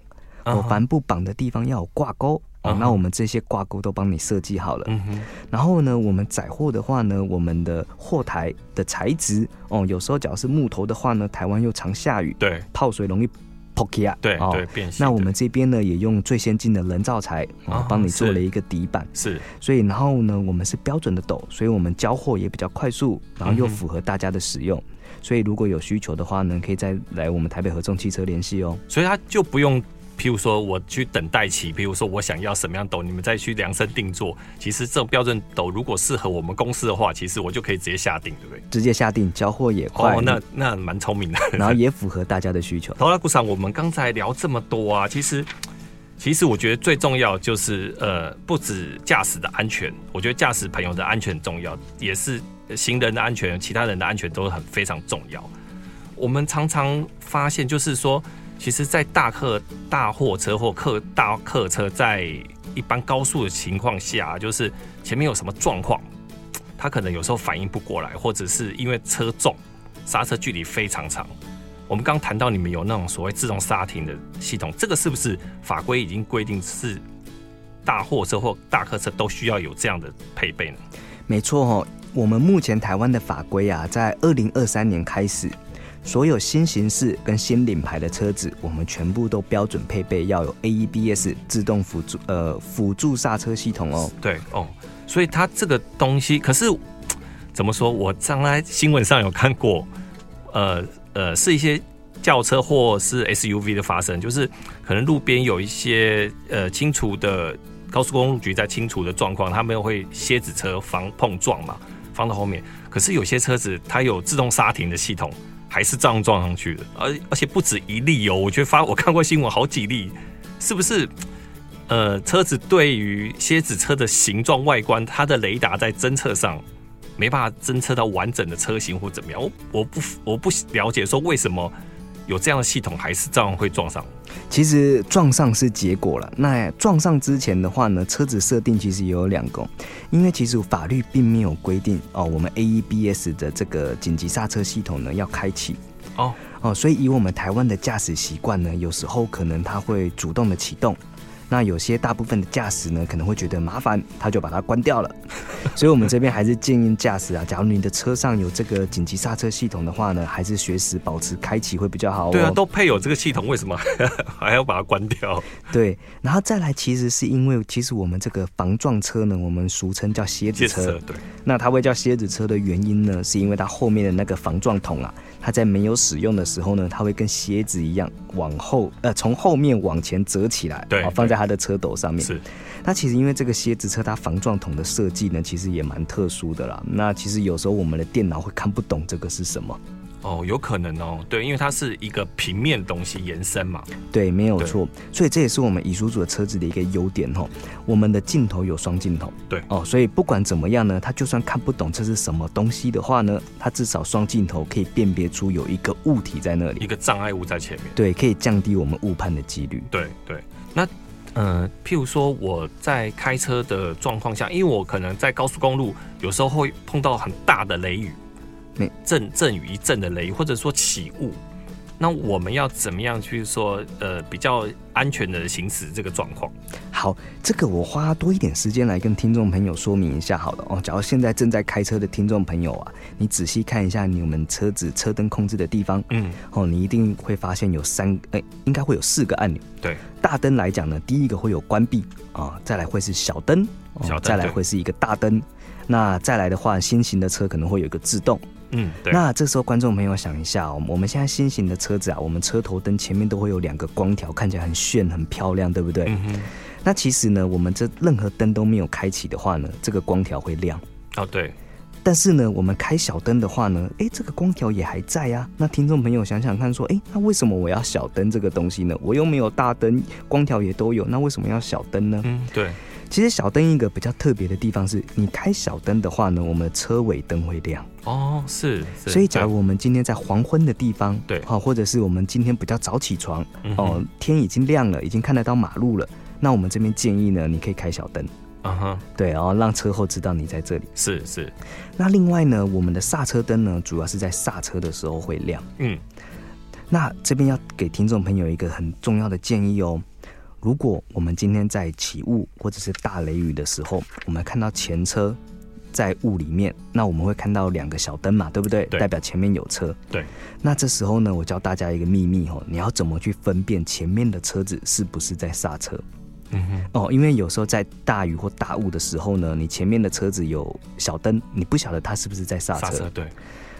[SPEAKER 2] 有、uh -huh. 帆布綁的地方要有掛鈎、uh -huh. 哦，那我們這些掛鈎都幫你設計好了。Uh -huh. 然後呢，我們載貨的話呢，我們的貨台的材質哦，有時候只要是木頭的話呢，台灣又常下雨，對，泡水容易破皮啊。對、哦、對，對。那我們這邊呢，也用最先進的人造材啊，哦 uh -huh. 幫你做了一個底板。是。是所以，然後呢，我們是標準的斗，所以我們交貨也比較快速，然後又符合大家的使用。Uh -huh. 所以，如果有需求的話呢，可以再來我們台北合眾汽車聯繫哦。
[SPEAKER 1] 所以，它就不用。譬如說我去等待期，譬如說我想要什麼樣斗，你們再去量身定做。其實這種標準斗，如果適合我們公司的話，其實我就可以直接下定，對不
[SPEAKER 2] 對？直接下定，交貨也快。哦，那
[SPEAKER 1] 那蠻聰明的，然後也符合大家的需求。拖拉庫桑，我們剛才聊這麼多啊，其實其實我覺得最重要就是呃，不止駕駛的安全，我覺得駕駛朋友的安全重要，也是行人的安全、其他人的安全都很非常重要。我們常常發現就是說，其實，在大客、大貨車或客、大客車在一般高速的情況下，就是前面有什麼狀況，他可能有時候反應不過來，或者是因為車重，剎車距離非常長。我們剛談到你們有那種所謂自動剎停的系統，這個是不是法規已經規定是大貨車或大客車都需要有這樣的配備呢？
[SPEAKER 2] 沒錯，我們目前台灣的法規啊，在二零二三年開始，所有新型式跟新領牌的車子，我們全部都標準配備要有 AEBS 自動輔助
[SPEAKER 1] 呃輔助剎車系統哦。對哦，所以它這個東西，可是怎麼說？我上來新聞上有看過，呃呃，是一些轎車或是 SUV 的發生，就是可能路邊有一些呃清除的高速公路局在清除的狀況，他們會蠍子車防碰撞嘛，放到後面。可是有些車子它有自動剎停的系統。還是這樣撞上去的，而而且不止一例哦。我覺得發我看過新聞好幾例，是不是？呃，車子對於蠍子車的形狀外觀，它的雷達在偵測上沒辦法偵測到完整的車型或怎麼樣？我我不我不了解說為什麼。有這樣的系統，還是照樣會撞上。
[SPEAKER 2] 其實撞上是結果了。那撞上之前的話呢，車子設定其實也有兩個，因為其實法律並沒有規定哦，我們 AEBS 的這個緊急剎車系統呢要開啟哦、oh. 哦，所以以我們台灣的駕駛習慣呢，有時候可能它會主動的啟動。那有些大部分的駕駛呢，可能會覺得麻煩，他就把它關掉了。 所以我們這邊還是建議駕駛啊，假如你的車上有這個緊急剎車系統的話呢，還是隨時保持開啟會比較好哦。對啊，都
[SPEAKER 1] 配有這個系統，為什麼還要把它關掉？
[SPEAKER 2] 對，然後再來，其實是因為其實我們這個防撞車呢，我們俗稱叫蠍子車。Yes, uh, 對。那它會叫蠍子車的原因呢，是因為它後面的那個防撞桶啊。它在沒有使用的時候呢，它會跟蠍子一樣往後，呃，從後面往前折起來，對，放在它的車斗上面。是，那其實因為這個蠍子車它防撞筒的設計呢，其實也蠻特殊的啦。那其實有時候我們的電腦會看不懂這個是什麼。
[SPEAKER 1] 哦，有可能哦，對，因為它是一個平面的東西延伸嘛，
[SPEAKER 2] 對，沒有錯，所以這也是我們 ISUZU 的車子的一個優點哦。我們的鏡頭有雙鏡頭，對哦，所以不管怎麼樣呢，它就算看不懂這是什麼東西的話呢，它至少雙鏡頭可以辨別出有一個物體在那裡，一
[SPEAKER 1] 個障礙物在前面，
[SPEAKER 2] 對，可以降低我們誤判的幾率。
[SPEAKER 1] 對對，那呃，譬如說我在開車的狀況下，因為我可能在高速公路，有時候會碰到很大的雷雨。陣陣雨一陣的雷，或者說起霧，那我們要怎麼樣去說呃比較安全的行駛這個狀況？
[SPEAKER 2] 好，這個我花多一點時間來跟聽眾朋友說明一下好了哦。假如現在正在開車的聽眾朋友啊，你仔細看一下你們車子車燈控制的地方，嗯，哦，你一定會發現有三個，哎，應該會有四個按鈕。對，大燈來講呢，第一個會有關閉啊，再來會是小燈，小燈，喔，再來會是一個大燈，那再來的話，新型的車可能會有一個自動。嗯，對。那這時候觀眾朋友想一下哦，我們現在新型的車子啊，我們車頭燈前面都會有兩個光條，看起來很炫、很漂亮，對不對？嗯，那其實呢，我們這任何燈都沒有開啟的話呢，這個光條會亮。哦，對。但是呢，我們開小燈的話呢，哎，這個光條也還在呀、啊。那聽眾朋友想想看，說，哎，那為什麼我要小燈這個東西呢？我又沒有大燈，光條也都有，那為什麼要小燈呢？嗯，對。其實小燈一個比較特別的地方是，你開小燈的話呢，我們的車尾燈會亮
[SPEAKER 1] 哦，是，是。所以假如我
[SPEAKER 2] 們今天在黃昏的地方，對，好，或者是我們今天比較早起床，哦，天已經亮了，已經看得到馬路了，嗯、那我們這邊建議呢，你可以開小燈，啊、嗯哼，對，哦，讓車後知道你在這裡，是是。那另外呢，我們的剎車燈呢，主要是在剎車的時候會亮，嗯。那這邊要給聽眾朋友一個很重要的建議哦。如果我們今天在起霧或者是大雷雨的時候，我們看到前車在霧裡面，那我們會看到兩個小燈嘛，對不對？對。代表前面有車。對。那這時候呢，我教大家一個秘密哦，你要怎麼去分辨前面的車子是不是在剎車？嗯。哦，因為有時候在大雨或大霧的時候呢，你前面的車子有小燈，你不曉得它是不是在剎車。剎車，對。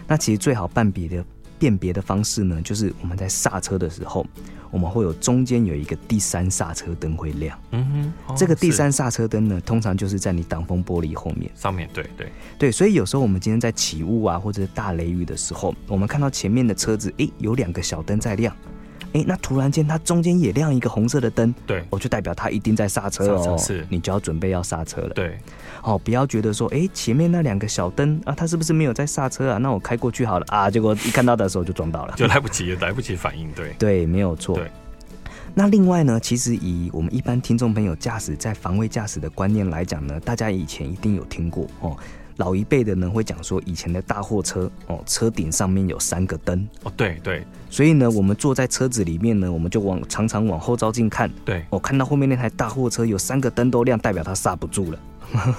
[SPEAKER 2] 那其實最好半比的。辨別的方式呢，就是我們在剎車的時候，我們會有中間有一個第三剎車燈會亮。
[SPEAKER 1] 嗯哼，哦、這個第三
[SPEAKER 2] 剎車燈呢，通常就是在你擋風玻璃後面、
[SPEAKER 1] 上面，對對
[SPEAKER 2] 對。所以有時候我們今天在起霧啊，或者是大雷雨的時候，我們看到前面的車子，誒，有兩個小燈在亮。哎、欸，那突然間，它中間也亮一個紅色的燈，對，我、哦、就代表它一定在剎車哦，是，你就要準備要剎車了。對，哦，不要覺得說，哎、欸，前面那兩個小燈啊，它是不是沒有在剎車啊？那我開過去好了啊，結果一看到的時候就撞到了， 就來
[SPEAKER 1] 不及也來不及反應。
[SPEAKER 2] 對，對，沒有錯。那另外呢，其實以我們一般聽眾朋友駕駛在防衛駕駛的觀念來講呢，大家以前一定有聽過哦。老一輩的呢會講說，以前的大貨車哦，車頂上面有三個燈哦，對對，所以呢，我們坐在車子裡面呢，我們就往常常往後照鏡看，對，我、哦、看到後面那台大貨車有三個燈都亮，代表它剎不住了。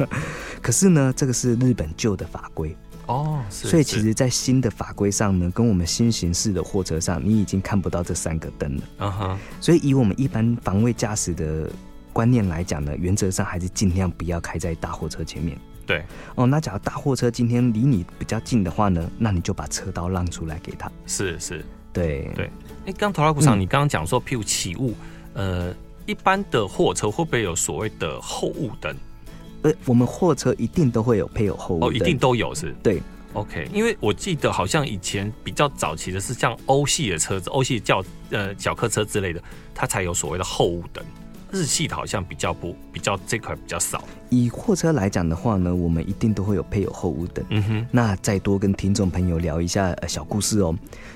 [SPEAKER 2] 可是呢，這個是日本舊的法規
[SPEAKER 1] 哦，是是，所以其實，
[SPEAKER 2] 在新的法規上呢，跟我們新型式的貨車上，你已經看不到這三個燈了。啊、uh、哈 -huh，所以以我們一般防衛駕駛的觀念來講呢，原則上還是儘量不要開在大貨車前面。對，哦，那假如大貨車今天離你比較近的話呢，那你就把車道讓出來給他。是是，對對。
[SPEAKER 1] 哎、欸，剛拖拉庫桑、嗯，你剛剛講說，譬如起霧，呃，一般的貨車會不會有所謂的後霧燈？
[SPEAKER 2] 呃、欸，我們貨車一定都會有配有後霧燈、哦，一定
[SPEAKER 1] 都有是。對，OK，因為我記得好像以前比較早期的是像歐系的車子，歐系轎呃小客車之類的，它才有所謂的後霧燈。日系的好像比較不比較，這塊比較少。
[SPEAKER 2] 以貨車來講的話呢，我們一定都會有配有後霧燈。嗯哼。那再多跟聽眾朋友聊一下小故事哦。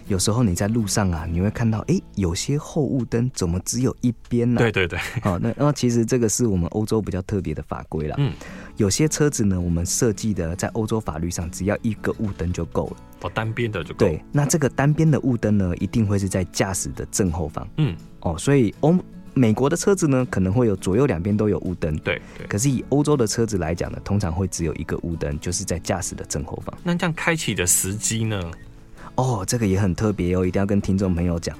[SPEAKER 2] 有時候你在路上啊，你會看到，哎，有些後霧燈怎麼只有一邊呢？對對對。哦，那那其實這個是我們歐洲比較特別的法規了。嗯。有些車子呢，我們設計的在歐洲法律上，只要一個霧燈就夠
[SPEAKER 1] 了。哦，單邊的就夠。對。那
[SPEAKER 2] 這個單邊的霧燈呢，一定會是在駕駛的正後方。嗯。哦，所以歐。美國的車子呢，可能會有左右兩邊都有霧燈。對對。可是以歐洲的車子來講呢，通常會只有一個霧燈，就是在駕駛的正後方。
[SPEAKER 1] 那這樣開啟的時機呢？
[SPEAKER 2] 哦，這個也很特別哦，一定要跟聽眾朋友講。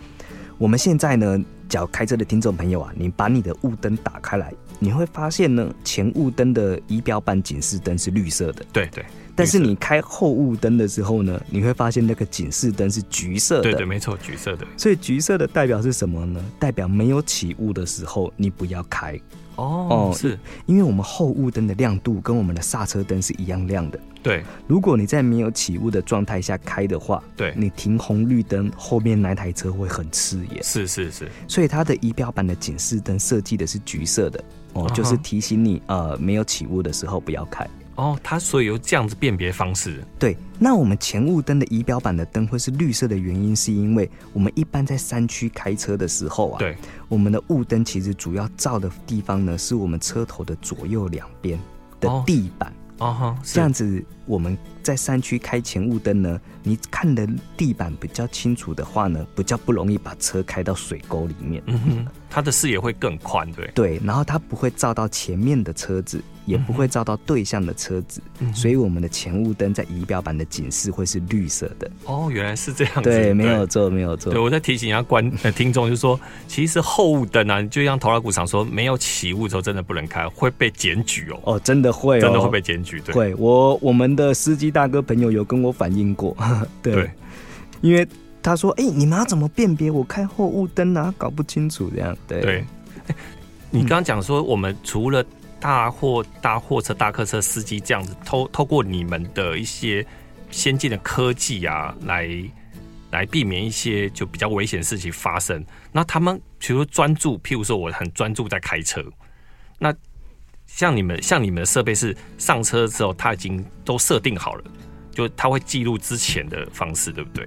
[SPEAKER 2] 我們現在呢，只要開車的聽眾朋友啊，你把你的霧燈打開來，你會發現呢，前霧燈的儀表板警示燈是綠色的。對對。但是你開後霧燈的時候呢，你會發現那個警示燈是橘色的。對對，
[SPEAKER 1] 沒錯，橘色的。
[SPEAKER 2] 所以橘色的代表是什麼呢？代表沒有起霧的時候你不要開。
[SPEAKER 1] 哦哦，是
[SPEAKER 2] 因為我們後霧燈的亮度跟我們的剎車燈是一樣亮的。對。如果你在沒有起霧的狀態下開的話，對，你停紅綠燈後面那台車會很
[SPEAKER 1] 刺眼。是是是。
[SPEAKER 2] 所以它的儀表板的警示燈設計的是橘色的，哦，uh-huh，就是提醒你呃沒有起霧的時候不要開。
[SPEAKER 1] 哦，它所以有這樣子辨別方式。
[SPEAKER 2] 對，那我們前霧燈的儀表板的燈會是綠色的原因，是因為我們一般在山區開車的時候啊，對，我們的霧燈其實主要照的地方呢，是我們車頭的左右兩邊的地板。
[SPEAKER 1] 哦、oh, uh-huh, 這樣
[SPEAKER 2] 子。我們在山區開前霧燈呢，你看的地板比較清楚的話呢，比較不容易把車開到水溝裡面。嗯哼，
[SPEAKER 1] 它的視野會更寬，對。對，
[SPEAKER 2] 然後它不會照到前面的車子，也不會照到對向的車子、嗯，所以我們的前霧燈在儀表板的警示會是綠色的。
[SPEAKER 1] 哦，原來是這樣子。對，沒有
[SPEAKER 2] 錯，沒有錯。對,對
[SPEAKER 1] 我再提醒一下，觀、呃，聽眾就是說， 其實後霧燈呢，就像拖拉庫桑常說，沒有起霧的時候真的不能開，會被檢舉哦。
[SPEAKER 2] 哦，真的會、哦，真的會被檢舉。對，我我們。的司機大哥朋友有跟我反映過，對，對，因為他說：“哎、欸，你們要怎麼辨別我開貨物燈啊？搞不清楚這樣。
[SPEAKER 1] 對”對，哎、欸，你剛剛講說，我們除了大貨、大貨車、大客車司機這樣子，透透過你們的一些先進的科技啊，來來避免一些就比較危險的事情發生。那他們，比如說專注，譬如說我很專注在開車，那。像你們像你們的設備是上車之後，它已經都設定好了，就它會記錄之前的方式，對不對？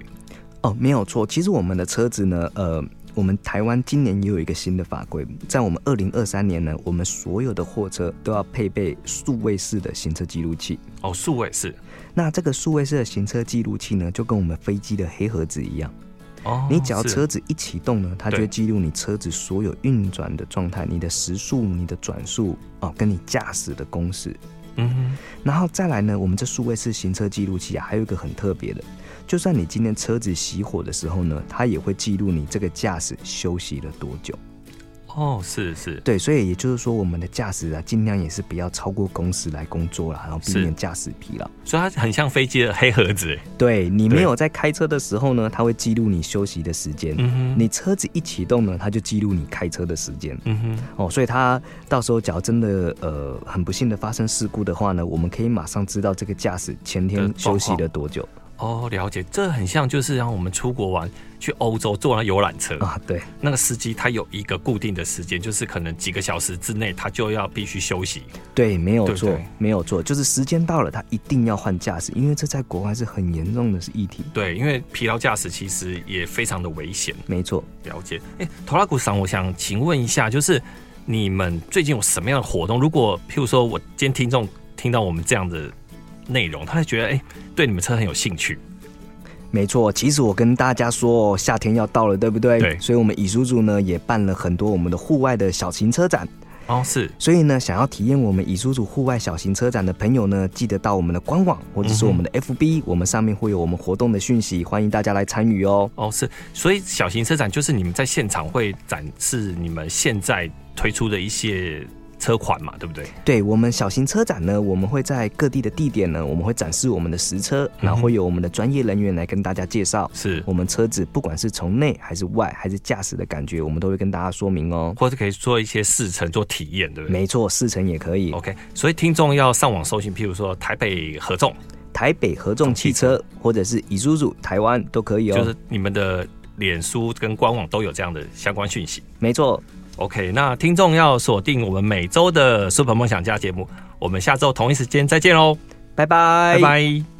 [SPEAKER 2] 哦，沒有錯。其實我們的車子呢，呃，我們台灣今年也有一個新的法規，在我們二零二三年呢，我們所有的貨車都要配備數位式的行車記錄器。
[SPEAKER 1] 哦，數位式。
[SPEAKER 2] 那這個數位式的行車記錄器呢，就跟我們飛機的黑盒子一樣。你只要車子一啟動呢，哦，它就會記錄你車子所有運轉的狀態，你的時速、你的轉速哦，跟你駕駛的公式。嗯哼，然後再來呢，我們這數位式行車記錄器啊，還有一個很特別的，就算你今天車子熄火的時候呢，它也會記錄你這個駕駛休息了多久。
[SPEAKER 1] 哦，是是，對，
[SPEAKER 2] 所以也就是說，我們的駕駛啊，儘量也是不要超過公司來工作了，然後避免駕駛疲勞。
[SPEAKER 1] 所以它很像飛機的黑盒子，
[SPEAKER 2] 對，你沒有在開車的時候呢，它會記錄你休息的時間；你車子一啟動呢，它就記錄你開車的時間。嗯哼，哦，所以它到時候，假如真的呃很不幸的發生事故的話呢，我們可以馬上知道這個駕駛前天休息了多久。嗯
[SPEAKER 1] 哦，了解，這很像就是讓我們出國玩去歐洲坐那遊覽車啊，對，那個司機他有一個固定的時間，就是可能幾個小時之內他就要必須休息。
[SPEAKER 2] 對，沒有錯對對，沒有錯，就是時間到了他一定要換駕駛，因為這在
[SPEAKER 1] 國外是很嚴重的是議題。對，因為疲勞駕駛其實也非常的危險。沒錯，了解。哎，拖拉庫桑，我想請問一下，就是你們最近有什麼樣的活動？如果譬如說我今天聽眾聽到我們這樣的。內容，他會覺得哎、欸，對你們車很有興趣。
[SPEAKER 2] 沒錯，其實我跟大家說，夏天要到了，對不對？對，所以，我們 ISUZU 呢也辦了很多我們的戶外的小型車展。
[SPEAKER 1] 哦，是。
[SPEAKER 2] 所以呢，想要體驗我們 ISUZU 戶外小型車展的朋友呢，記得到我們的官網或者是我們的 FB，、嗯、我們上面會有我們活動的訊息，歡迎大家來參與哦。
[SPEAKER 1] 哦，是。所以小型車展就是你們在現場會展示你們現在推出的一些。車款嘛，對不
[SPEAKER 2] 對？對，我們小型車展呢，我們會在各地的地點呢，我們會展示我們的實車，嗯、然後有我們的專業人員來跟大家介紹。是，我們車子不管是從內還是外，還是駕駛的感覺，我們都會跟大家說明哦。
[SPEAKER 1] 或者可以做一些試乘做體驗，對不對？沒錯，試乘也可以。OK，所以聽眾要上網搜尋，譬如說台北合眾、台北
[SPEAKER 2] 合眾汽、汽車，或者是 ISUZU 台灣都可以哦。就是
[SPEAKER 1] 你們的臉書跟官網都有這樣的相關訊息。沒錯。OK，那聽眾要鎖定我們每周的《Super 夢想家》節目，我們下周同一時間再見嘍，拜拜，拜拜。